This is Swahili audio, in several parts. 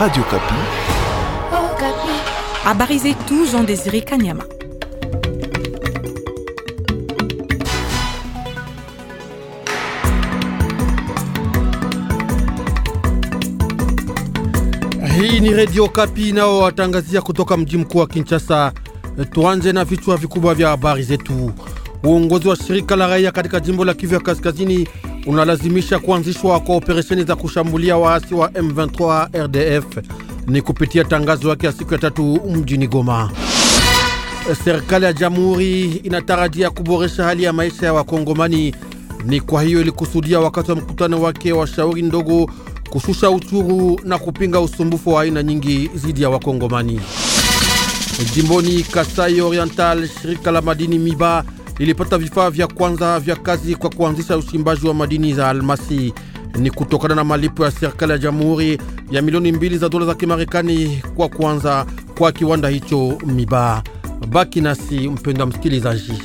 Radio Kapi. Oh, Kapi. Habari zetu Jean Désiré Kanyama. Hii ni Radio Kapi nao watangazia kutoka mji mkuu wa Kinshasa. Tuanze na vichwa vikubwa vya habari zetu. Uongozi wa shirika la raia katika jimbo la Kivu ya Kaskazini unalazimisha kuanzishwa kwa operesheni za kushambulia waasi wa M23 RDF ni kupitia tangazo yake ya siku ya tatu mjini Goma. Serikali ya jamhuri inatarajia kuboresha hali ya maisha ya Wakongomani. Ni kwa hiyo ilikusudia wakati wa mkutano wake wa shauri ndogo kushusha uchuru na kupinga usumbufu wa aina nyingi zidi ya Wakongomani. Jimboni Kasai Oriental, shirika la madini Miba ilipata vifaa vya kwanza vya kazi kwa kuanzisha uchimbaji wa madini za almasi. Ni kutokana na malipo ya serikali ya jamhuri ya milioni mbili za dola za Kimarekani kwa kuanza kwa kiwanda hicho Mibaa. Baki nasi mpenda msikilizaji.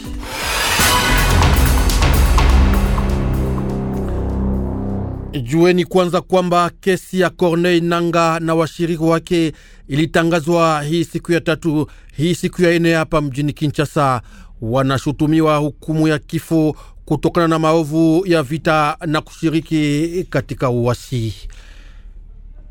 Jueni kwanza kwamba kesi ya Corneille Nanga na washiriki wake ilitangazwa hii siku ya tatu, hii siku ya ine hapa mjini Kinshasa wanashutumiwa hukumu ya kifo kutokana na maovu ya vita na kushiriki katika uasi.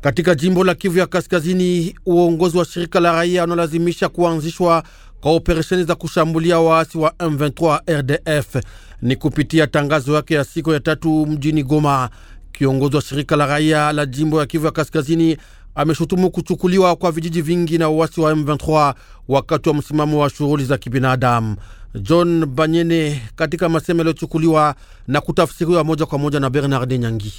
Katika jimbo la Kivu ya Kaskazini, uongozi wa shirika la raia unalazimisha kuanzishwa kwa operesheni za kushambulia waasi wa M23 RDF ni kupitia tangazo yake ya siku ya tatu mjini Goma. Kiongozi wa shirika la raia la jimbo ya Kivu ya Kaskazini ameshutumu kuchukuliwa kwa vijiji vingi na uasi wa M23 wakati wa msimamo wa shughuli za kibinadamu. John Banyene katika masemo yaliyochukuliwa na kutafsiriwa moja kwa moja na Bernard Nyangi.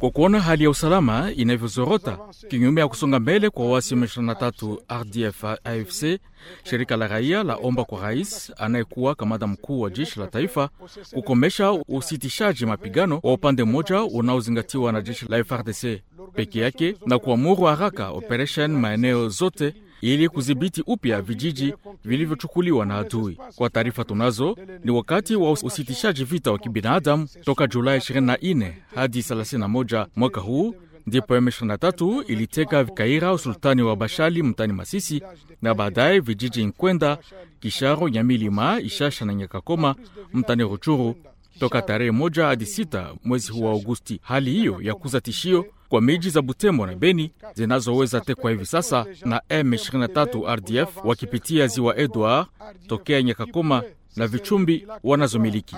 Kwa kuona hali ya usalama inavyozorota kinyume ya kusonga mbele kwa wasi M23 RDF AFC, shirika la raia la omba kwa rais anayekuwa kamanda mkuu wa jeshi la taifa kukomesha usitishaji mapigano wa upande mmoja unaozingatiwa na jeshi la FRDC peke yake na kuamuru haraka operesheni maeneo zote ili kudhibiti upya vijiji vilivyochukuliwa na adui. Kwa taarifa tunazo, ni wakati wa usitishaji vita wa kibinadamu toka Julai 24 hadi 31 mwaka huu ndipo M23 iliteka Kaira, usultani wa Bashali mtani Masisi, na baadaye vijiji Nkwenda, Kisharo, Nyamilima, Ishasha na Nyakakoma mtani Ruchuru toka tarehe moja hadi sita mwezi huu wa Agosti. Hali hiyo ya kuza tishio kwa miji za Butembo na Beni zinazoweza tekwa hivi sasa na M23 RDF wakipitia ziwa Edward tokea Nyakakoma na Vichumbi wanazomiliki.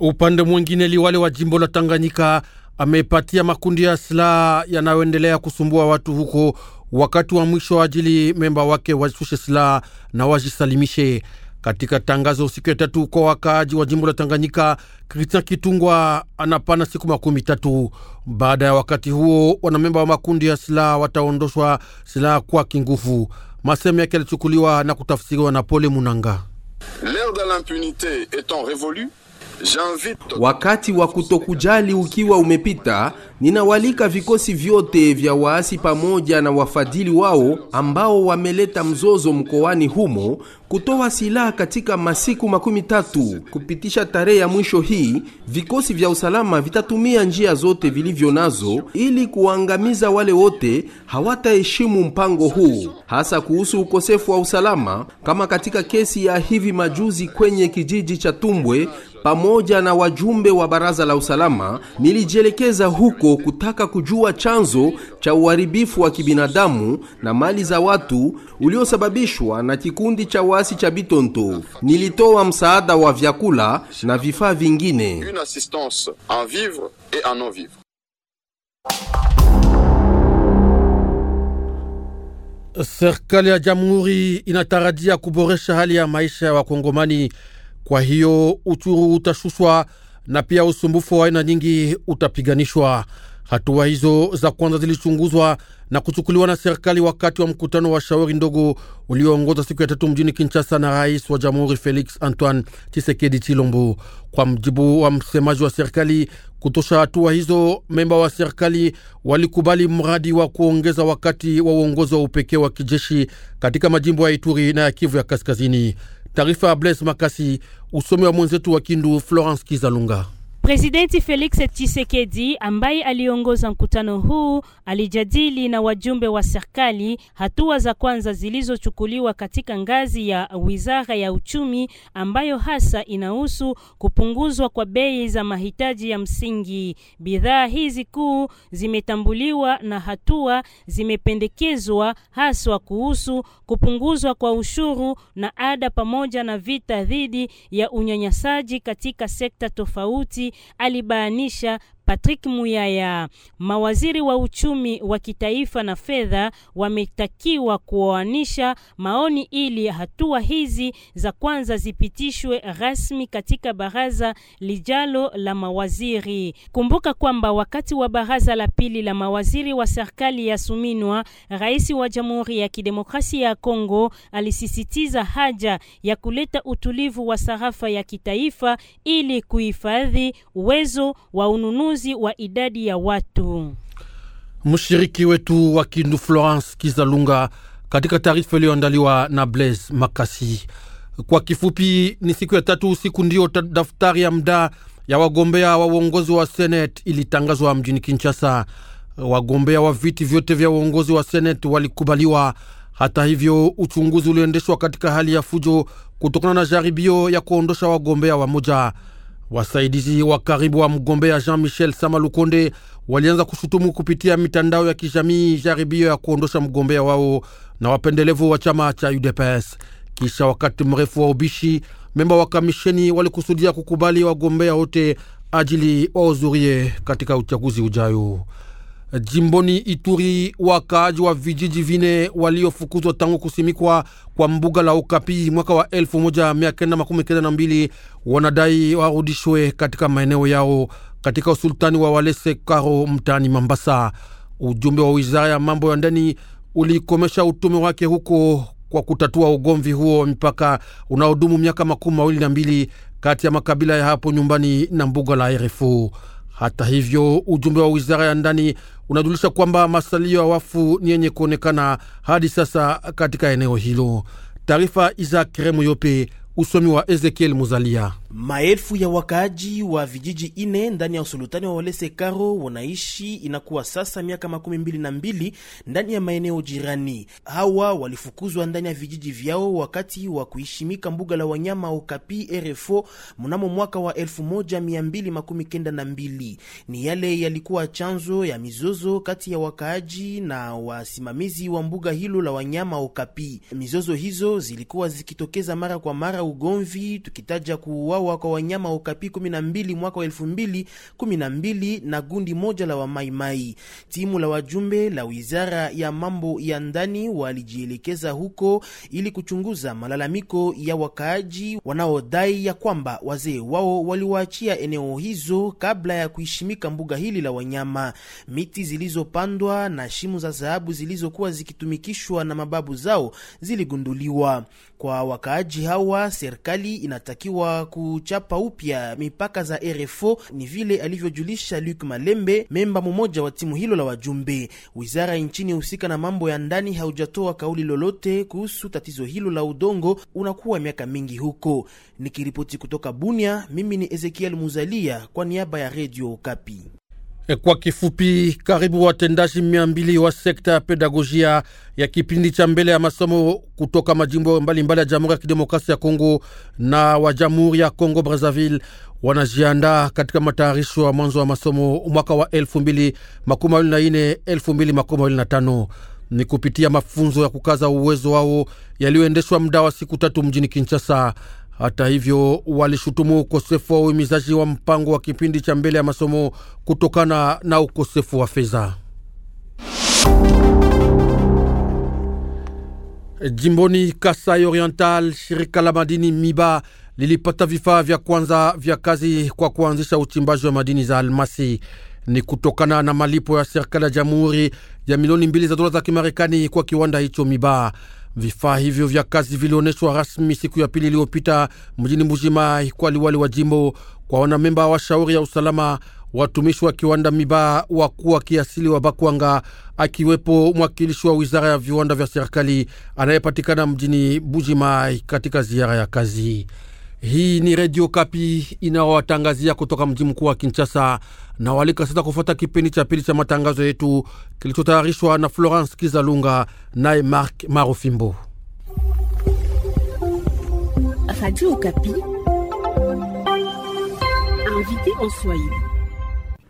Upande mwingine, liwale wa jimbo la Tanganyika amepatia makundi ya silaha yanayoendelea kusumbua watu huko wakati wa mwisho ajili memba wake wasushe silaha na wajisalimishe. Katika tangazo siku ya tatu kwa wakaaji wa jimbo la Tanganyika, Kristian Kitungwa anapana siku makumi tatu. Baada ya wakati huo, wanamemba wa makundi ya silaha wataondoshwa silaha kwa kinguvu. Masehemu yake yalichukuliwa na kutafsiriwa na Pole Munanga. L'ère de l'impunité étant révolue Wakati wa kutokujali ukiwa umepita, ninawalika vikosi vyote vya waasi pamoja na wafadhili wao ambao wameleta mzozo mkoani humo kutoa silaha katika masiku makumi tatu. Kupitisha tarehe ya mwisho hii, vikosi vya usalama vitatumia njia zote vilivyo nazo ili kuangamiza wale wote hawataheshimu mpango huu, hasa kuhusu ukosefu wa usalama, kama katika kesi ya hivi majuzi kwenye kijiji cha Tumbwe pamoja na wajumbe wa baraza la usalama, nilijielekeza huko kutaka kujua chanzo cha uharibifu wa kibinadamu na mali za watu uliosababishwa na kikundi cha wasi cha Bitonto. Nilitoa msaada wa vyakula na vifaa vingine. Serikali ya jamhuri inatarajia kuboresha hali ya maisha ya wa wakongomani kwa hiyo uchuru utashushwa na pia usumbufu wa aina nyingi utapiganishwa. Hatua hizo za kwanza zilichunguzwa na kuchukuliwa na serikali wakati wa mkutano wa shauri ndogo ulioongoza siku ya tatu mjini Kinshasa na rais wa jamhuri Felix Antoine chisekedi Chilombo. Kwa mjibu wa msemaji wa serikali kutosha hatua hizo, memba wa serikali walikubali mradi wa kuongeza wakati wa uongozi wa upekee wa kijeshi katika majimbo ya Ituri na ya Kivu ya Kaskazini. Tarifa ya Blaise Makasi, usomi wa mwenzetu wa Florence Kizalunga. Presidenti Felix Tshisekedi ambaye aliongoza mkutano huu alijadili na wajumbe wa serikali hatua za kwanza zilizochukuliwa katika ngazi ya Wizara ya Uchumi ambayo hasa inahusu kupunguzwa kwa bei za mahitaji ya msingi. Bidhaa hizi kuu zimetambuliwa na hatua zimependekezwa haswa kuhusu kupunguzwa kwa ushuru na ada pamoja na vita dhidi ya unyanyasaji katika sekta tofauti alibainisha Patrick Muyaya. Mawaziri wa uchumi wa kitaifa na fedha wametakiwa kuoanisha maoni ili hatua hizi za kwanza zipitishwe rasmi katika baraza lijalo la mawaziri. Kumbuka kwamba wakati wa baraza la pili la mawaziri wa serikali ya Suminwa, rais wa Jamhuri ya Kidemokrasia ya Kongo alisisitiza haja ya kuleta utulivu wa sarafa ya kitaifa ili kuhifadhi uwezo wa ununuzi uchunguzi wa idadi ya watu. Mshiriki wetu wa Kindu Florence Kizalunga katika taarifa iliyoandaliwa na Blaise Makasi. Kwa kifupi, ni siku ya tatu usiku ndiyo daftari ya mda ya wagombea wa uongozi wa seneti ilitangazwa mjini Kinshasa. Wagombea wa viti vyote vya uongozi wa seneti walikubaliwa. Hata hivyo, uchunguzi uliendeshwa katika hali ya fujo kutokana na jaribio ya kuondosha wagombea wamoja. Wasaidizi wa karibu wa mgombea Jean-Michel samalukonde walianza kushutumu kupitia mitandao ya kijamii jaribio ya kuondosha mgombea wao na wapendelevu wa chama cha UDPS. Kisha wakati mrefu wa ubishi, memba wa kamisheni walikusudia kukubali wagombea wote ajili wahudhurie katika uchaguzi ujayo. Jimboni Ituri, wakaaji wa vijiji vine waliofukuzwa tangu kusimikwa kwa mbuga la Okapi mwaka wa 1992 wanadai warudishwe katika maeneo yao katika usultani wa Walese Karo mtaani Mambasa. Ujumbe wa wizara ya mambo ya ndani ulikomesha utume wake huko kwa kutatua ugomvi huo wa mipaka unaodumu miaka makumi mawili na mbili kati ya makabila ya hapo nyumbani na mbuga la Erefu. Hata hivyo, ujumbe wa wizara ya ndani unajulisha kwamba masalio ya wafu ni yenye kuonekana hadi sasa katika eneo hilo. Taarifa Isak Remuyope, usomi wa Ezekiel Muzalia. Maelfu ya wakaaji wa vijiji ine ndani ya usultani wa Walese Karo wanaishi inakuwa sasa miaka makumi mbili na mbili ndani ya maeneo jirani. Hawa walifukuzwa ndani ya vijiji vyao wakati wa kuishimika mbuga la wanyama Okapi RFO mnamo mwaka wa mbili. Ni yale yalikuwa chanzo ya mizozo kati ya wakaaji na wasimamizi wa mbuga hilo la wanyama Okapi. Mizozo hizo zilikuwa zikitokeza mara kwa mara ugomvi, tukitaja kuuawa kuuawa kwa wanyama wa Okapi 12 mwaka wa 2012 na gundi moja la Wamaimai. Timu la wajumbe la wizara ya mambo ya ndani walijielekeza huko ili kuchunguza malalamiko ya wakaaji wanaodai ya kwamba wazee wao waliwaachia eneo hizo kabla ya kuishimika mbuga hili la wanyama. Miti zilizopandwa na shimu za dhahabu zilizokuwa zikitumikishwa na mababu zao ziligunduliwa. Kwa wakaaji hawa, serikali inatakiwa ku kuchapa upya mipaka za RFO. Ni vile alivyojulisha Luc Malembe, memba mmoja wa timu hilo la wajumbe. Wizara nchini husika na mambo ya ndani haujatoa kauli lolote kuhusu tatizo hilo la udongo unakuwa miaka mingi huko. Nikiripoti kutoka Bunia, mimi ni Ezekiel Muzalia kwa niaba ya Radio Okapi. Eh, kwa kifupi, karibu watendaji mia mbili wa sekta ya pedagogia ya kipindi cha mbele ya masomo kutoka majimbo mbalimbali mbali ya Jamhuri ya Kidemokrasia ya Kongo na wa Jamhuri ya Kongo Brazzaville wanajiandaa katika matayarisho ya mwanzo wa masomo mwaka wa 2024 2025 ni kupitia mafunzo ya kukaza uwezo wao yaliyoendeshwa muda wa siku tatu mjini Kinshasa. Hata hivyo, walishutumu ukosefu wa uhimizaji wa mpango wa kipindi cha mbele ya masomo kutokana na ukosefu wa fedha. Jimboni Kasai Oriental, shirika la madini Miba lilipata vifaa vya kwanza vya kazi kwa kuanzisha uchimbaji wa madini za almasi. Ni kutokana na malipo ya serikali ya jamhuri ya milioni mbili za dola za Kimarekani kwa kiwanda hicho Miba. Vifaa hivyo vya kazi vilionyeshwa rasmi siku ya pili iliyopita mjini Mbujimayi kwa liwali wa jimbo, kwa wanamemba wa shauri ya usalama, watumishi wa kiwanda Mibaa, wakuu wa kiasili wa Bakwanga, akiwepo mwakilishi wa wizara ya viwanda vya serikali anayepatikana mjini bujimai katika ziara ya kazi. Hii ni Redio Kapi inayowatangazia kutoka mji mkuu wa Kinshasa na walika sasa kufuata kipindi cha pili cha matangazo yetu kilichotayarishwa na Florence Kizalunga naye Mark Marofimbo.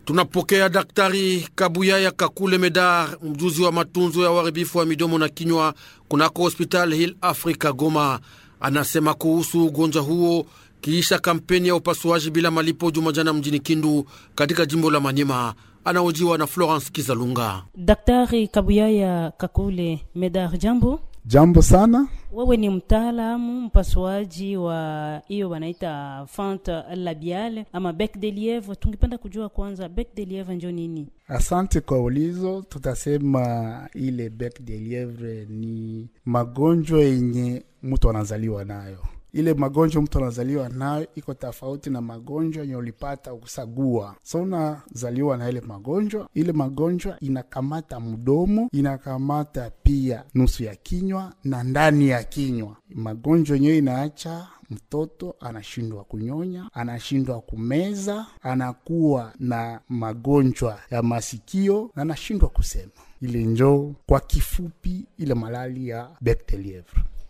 Tunapokea Daktari Kabuyaya Kakule Medar, mjuzi wa matunzo ya uharibifu wa midomo na kinywa kunako hospitali Hill Africa Goma anasema kuhusu ugonjwa huo kiisha kampeni ya upasuaji bila malipo jumajana mjini Kindu katika jimbo la Manyema. Anaojiwa na Florence Kizalunga. Daktari Kabuyaya Kakule Medar, jambo. Jambo sana. Wewe ni mtaalamu mpasuaji wa hiyo wanaita fente labiale ama bec de lievre. Tungependa kujua kwanza bec de lievre njo nini? Asante kwa ulizo. Tutasema ile bec de lievre ni magonjwa yenye mtu anazaliwa nayo. Ile magonjwa mtu anazaliwa nayo iko tofauti na magonjwa yenye ulipata ukusagua. So unazaliwa na ile magonjwa, ile magonjwa inakamata mdomo, inakamata pia nusu ya kinywa na ndani ya kinywa. Magonjwa yenyewe inaacha mtoto anashindwa kunyonya, anashindwa kumeza, anakuwa na magonjwa ya masikio na anashindwa kusema. Ile njoo kwa kifupi ile malali ya bec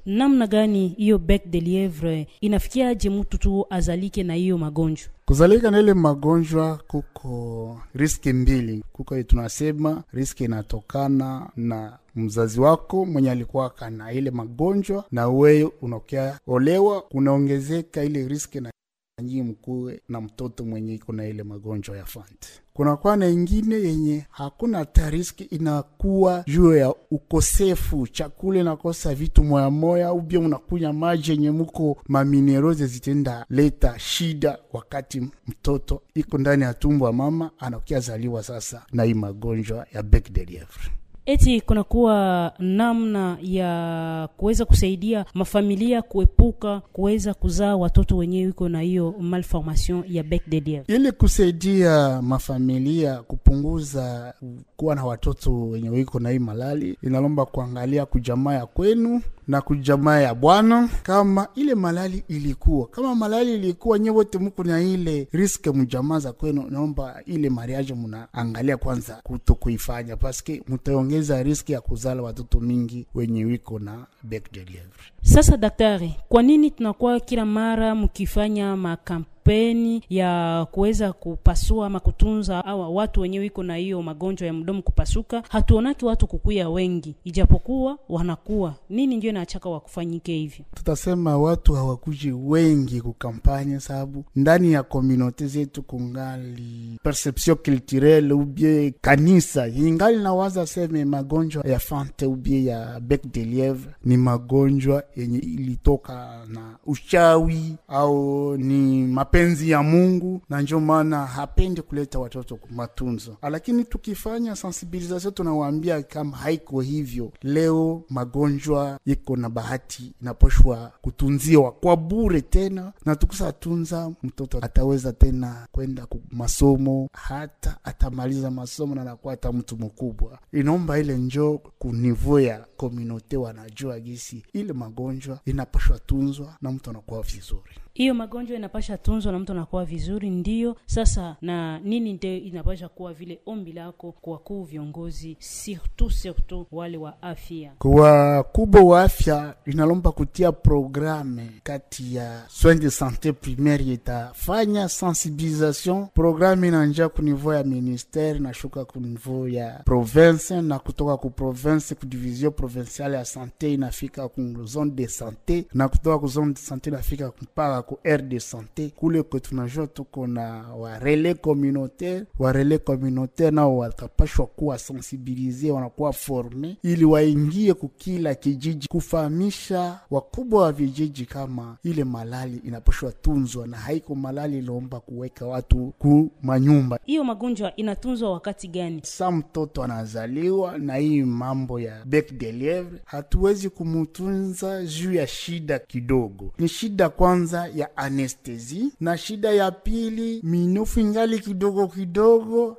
namna gani hiyo bec de lievre inafikiaje mtu tu azalike na hiyo magonjwa? Kuzalika na ile magonjwa kuko riski mbili, kuko tunasema riski inatokana na mzazi wako mwenye alikuwa kana ile magonjwa na wewe unakia olewa, kunaongezeka ile riski na nyi mkuu na mtoto mwenye iko na ile magonjwa ya fant Kunakuwa na ingine yenye hakuna tariski inakuwa juu ya ukosefu chakula, inakosa vitu moya moya, ubia unakunya maji yenye muko mamineroze zitenda leta shida, wakati mtoto iko ndani ya tumbo wa mama anakiazaliwa sasa na hii magonjwa ya bec de lievre Eti kunakuwa namna ya kuweza kusaidia mafamilia kuepuka kuweza kuzaa watoto wenyewe iko na hiyo malformation ya bec de ili kusaidia mafamilia kupunguza kuwa na watoto wenye wiko na hii malali, inalomba kuangalia kujamaa ya kwenu na kujamaa ya Bwana kama ile malali ilikuwa kama malali ilikuwa, nye wote muko na ile riske mjamaa za kwenu. Naomba ile mariage munaangalia kwanza kuto kuifanya, paske mutaongeza riski ya kuzala watoto mingi wenye wiko na bec de lievre. Sasa daktari, kwa nini tunakuwa kila mara mukifanya makamp kampeni ya kuweza kupasua ama kutunza awa watu wenyewe iko na hiyo magonjwa ya mdomo kupasuka, hatuonaki watu kukuya wengi, ijapokuwa wanakuwa nini, ndio inaachaka wakufanyike hivyo. Tutasema watu hawakuji wengi kukampanye sababu ndani ya komunote zetu kungali perception culturelle ubie kanisa ingali nawaza seme magonjwa ya fante ubie ya bec de lievre ni magonjwa yenye ilitoka na uchawi au ni map mapenzi ya Mungu, na ndio maana hapendi kuleta watoto matunzo. Ah, lakini tukifanya sensibilizasio, tunawaambia kama haiko hivyo, leo magonjwa iko na bahati inaposhwa kutunziwa kwa bure tena, na tukusatunza mtoto ataweza tena kwenda masomo, hata atamaliza masomo na nakuwa hata mtu mkubwa. Inaomba ile njo kunivoya komunote wanajua gisi ile magonjwa inapashwa tunzwa na mtu anakuwa vizuri hiyo magonjwa inapasha tunzwa na mtu anakuwa vizuri. Ndiyo sasa, na nini nde inapasha kuwa vile ombi lako kwa kuu viongozi, surtout surtout wale wa afya, kwa kubwa wa afya inalomba kutia programe kati ya soins de sante primaire, itafanya sensibilisation programe inanjia ku niveau ya ministere, nashuka ku niveau ya province na kutoka ku province ku division provincial ya sante inafika ku zone de sante na kutoka ku zone de sante inafika mpaka ku air de sante kule kwetu tunajua tuko na warele communautaire. Warele communautaire nao watapashwa kuwa sensibilize, wanakuwa forme ili waingie kukila kijiji kufahamisha wakubwa wa vijiji kama ile malali inapashwa tunzwa na haiko malali ilomba kuweka watu ku manyumba. Hiyo magonjwa inatunzwa wakati gani? Sa mtoto anazaliwa na hii mambo ya back Lievre, hatuwezi kumutunza juu ya shida kidogo. Ni shida kwanza ya anestezi, na shida ya pili minofu ingali kidogo kidogo,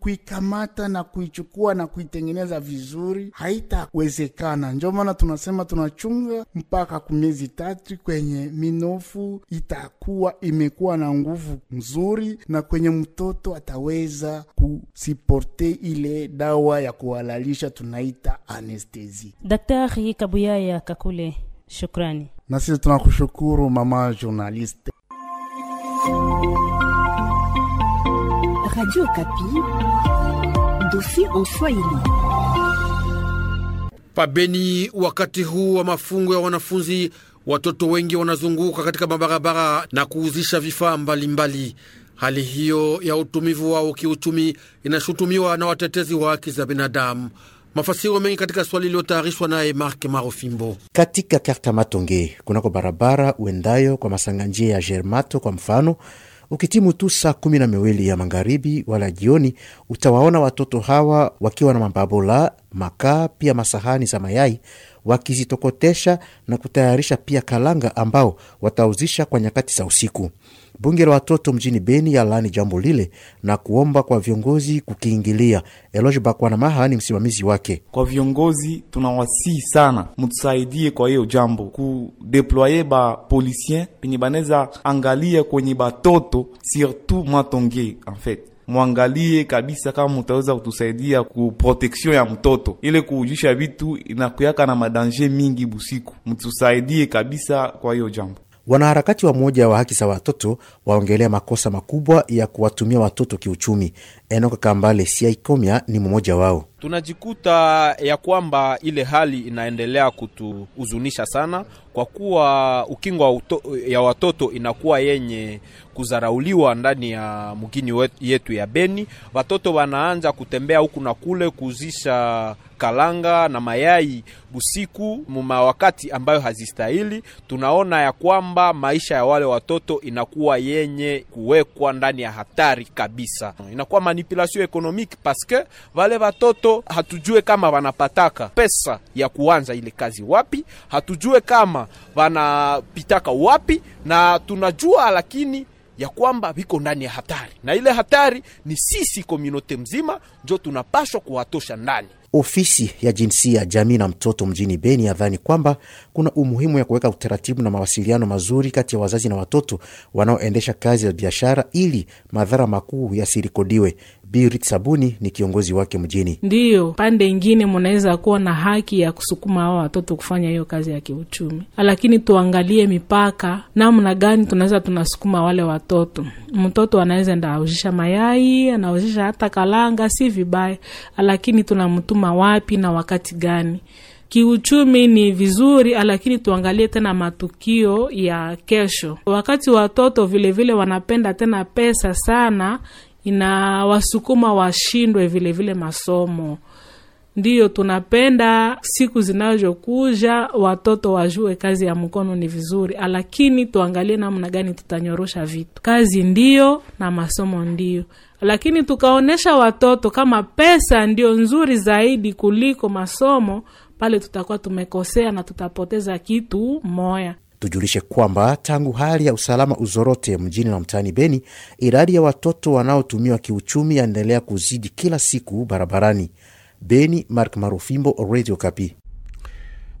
kuikamata na kuichukua na kuitengeneza vizuri, haitawezekana. Ndio maana tunasema tunachunga mpaka kumiezi tatu kwenye minofu itakuwa imekuwa na nguvu nzuri, na kwenye mtoto ataweza kusiporte ile dawa ya kuhalalisha tunaita anestezi anestesi. Daktari Kabuyaya Kakule, shukrani. Na sisi tunakushukuru mama journaliste. Radio Kapi, dofi en Swahili. Pabeni, wakati huu wa mafungo ya wanafunzi, watoto wengi wanazunguka katika mabarabara na kuuzisha vifaa mbalimbali. Hali hiyo ya utumivu wao kiuchumi inashutumiwa na watetezi wa haki za binadamu. Mafasiro mengi katika swali iliyotayarishwa naye Mark Marofimbo. Katika karta Matonge kunako barabara uendayo kwa Masanga njia ya Germato kwa mfano, ukitimu tu saa kumi na miwili ya magharibi wala jioni, utawaona watoto hawa wakiwa na mababola makaa, pia masahani za mayai wakizitokotesha na kutayarisha pia kalanga ambao watauzisha kwa nyakati za usiku. Bunge la watoto mjini Beni lani jambo lile na kuomba kwa viongozi kukiingilia. Eloge Maha ni msimamizi wake. Kwa viongozi tunawasihi sana, mtusaidie kwa hiyo jambo, kudeploye ba polisien penye baneza angalia kwenye batoto surtout matonge en fait mwangalie kabisa kama mutaweza kutusaidia ku protection ya mtoto ile kuujisha vitu inakuyaka na madanje mingi busiku, mtusaidie kabisa kwa hiyo jambo. Wanaharakati wa moja wa haki za watoto waongelea makosa makubwa ya kuwatumia watoto kiuchumi. Enoka Kambale Siaikomia ni mmoja wao tunajikuta ya kwamba ile hali inaendelea kutuhuzunisha sana, kwa kuwa ukingo ya watoto inakuwa yenye kuzarauliwa ndani ya mgini yetu ya Beni. Watoto wanaanza kutembea huku na kule kuzisha kalanga na mayai usiku muma wakati ambayo hazistahili. Tunaona ya kwamba maisha ya wale watoto inakuwa yenye kuwekwa ndani ya hatari kabisa, inakuwa manipulation economique paske wale watoto hatujue kama wanapataka pesa ya kuanza ile kazi wapi, hatujue kama wanapitaka wapi, na tunajua lakini ya kwamba viko ndani ya hatari, na ile hatari ni sisi komunote mzima njo tunapashwa kuwatosha ndani Ofisi ya jinsia, jamii na mtoto mjini Beni yadhani kwamba kuna umuhimu ya kuweka utaratibu na mawasiliano mazuri kati ya wazazi na watoto wanaoendesha kazi ya biashara ili madhara makuu yasirikodiwe. Birit Sabuni ni kiongozi wake mjini. Ndiyo, pande ingine munaweza kuwa na haki ya kusukuma hawa watoto kufanya hiyo kazi ya kiuchumi, lakini tuangalie mipaka namna gani tunaweza tunasukuma wale watoto. Mtoto anaweza enda auzisha mayai, anauzisha hata kalanga, si vibaya, lakini tunamtuma kutuma wapi na wakati gani. Kiuchumi ni vizuri, lakini tuangalie tena matukio ya kesho. Wakati watoto vilevile vile wanapenda tena pesa sana, inawasukuma washindwe vilevile masomo. Ndiyo tunapenda siku zinazokuja watoto wajue kazi ya mkono ni vizuri, lakini tuangalie namna gani tutanyorosha vitu. Kazi ndiyo na masomo ndiyo lakini tukaonesha watoto kama pesa ndio nzuri zaidi kuliko masomo, pale tutakuwa tumekosea na tutapoteza kitu moya. Tujulishe kwamba tangu hali ya usalama uzorote mjini na mtaani Beni, idadi ya watoto wanaotumiwa kiuchumi yaendelea kuzidi kila siku barabarani. Beni, Mark Marufimbo, Radio Kapi.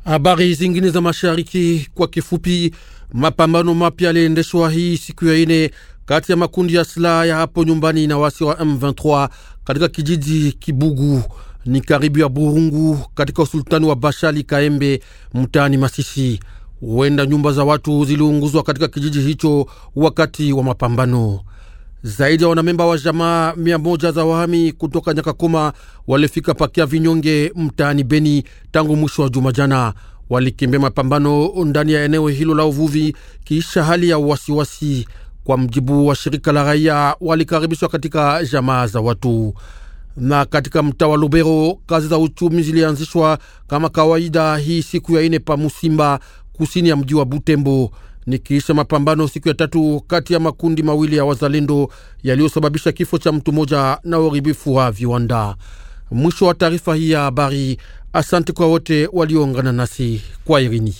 Habari zingine za mashariki kwa kifupi. Mapambano mapya yaliendeshwa hii siku ya ine kati ya makundi ya silaha ya hapo nyumbani na wasi wa M23 katika kijiji Kibugu ni karibu ya Burungu katika usultani wa Bashali Kaembe mtaani Masisi. Huenda nyumba za watu ziliunguzwa katika kijiji hicho wakati wa mapambano. Zaidi ya wanamemba wa jamaa mia moja za wahami kutoka Nyakakoma walifika pakia vinyonge mtaani Beni tangu mwisho wa juma jana. Walikimbia mapambano ndani ya eneo hilo la uvuvi kiisha hali ya wasiwasi. Kwa mjibu wa shirika la raia, walikaribishwa katika jamaa za watu na katika mtaa wa Lubero kazi za uchumi zilianzishwa kama kawaida hii siku ya ine pa Musimba, kusini ya mji wa Butembo ni kiisha mapambano siku ya tatu kati ya makundi mawili ya wazalendo yaliyosababisha kifo cha mtu mmoja na uharibifu wa viwanda. Mwisho wa taarifa hii ya habari. Asante kwa wote walioungana nasi kwa Irini.